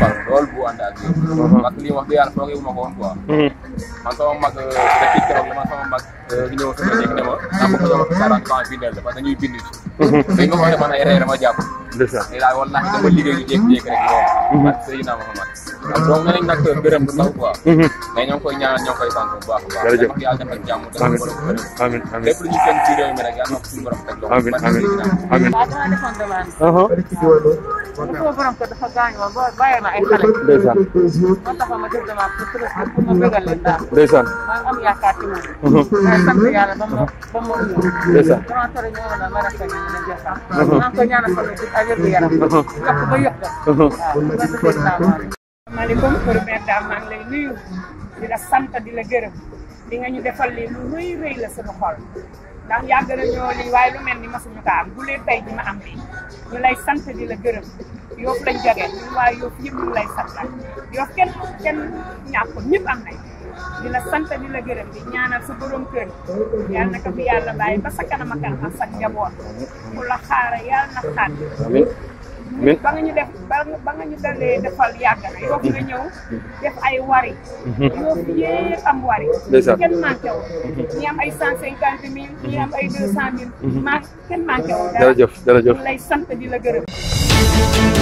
far lool bu ànd ak yow. parce que lii wax ma ko woon quoi. Hmm. man sama mag euh, daf ci keroog man sama mag ñu euh, ñëw sama nekk ne ma naa ko ko yow quarante ans la parce que dañuy bind si. Hmm. dañ ko mën a a ma jàpp. dëgg la daal wallaahi dama liggéey ñu jékki-jékki rek lool. parce que sëy naa ma ndax doom nañ nag gërëm bu ndaw quoi mais ñoo ngi koy ñaanal ñoo koy sant bu baax a baax amin amin lépp lu ñu gën ci réew mi rek yàlla na ko suñu borom teg loxo amin amin amin waaw dama defoon demande aha ñu ko borom ko dafa gaañ woon ba bàyyi ma ay xale ndeysaan ma taxaw ma def demande pour tourisme pour ma bëggal leen daal ndeysaan ma am yaakaar ci moom ma sant yàlla ba ma ba ma ñëw ndeysaan dama tori ñëw na ma rafet ñu ne jëf am ma ko maaleykum première dame maa ngi lay nuyu di la sant di la gërëm li nga ñu defal li lu rëy rëy la suñu xol ndax yàgg na ñoo lii waaye lu mel masuñu ko bu lee tey ji ma am ñu lay di la gërëm yoof lañ jógee ñun waa yoof yëpp ñu lay yoof kenn kenn am di la sant di la gërëm di ñaanal sa borom kër yàlla na ko fi yàlla bàyyi ba sa kanam ak la ya na mais ba nga ñu def ba nga ñu dalee defal yàgg na yow nga ñëw def ay wari. Mhm. yow yëpp am wari. ndeysaan kenn manqué wu. Mhm. ñi am ay cent cinquante mille. ñi am ay deux cent mille. Mhm. kenn manqué wu. dara jërëjëf jërëjëf lay sant di la gërëm.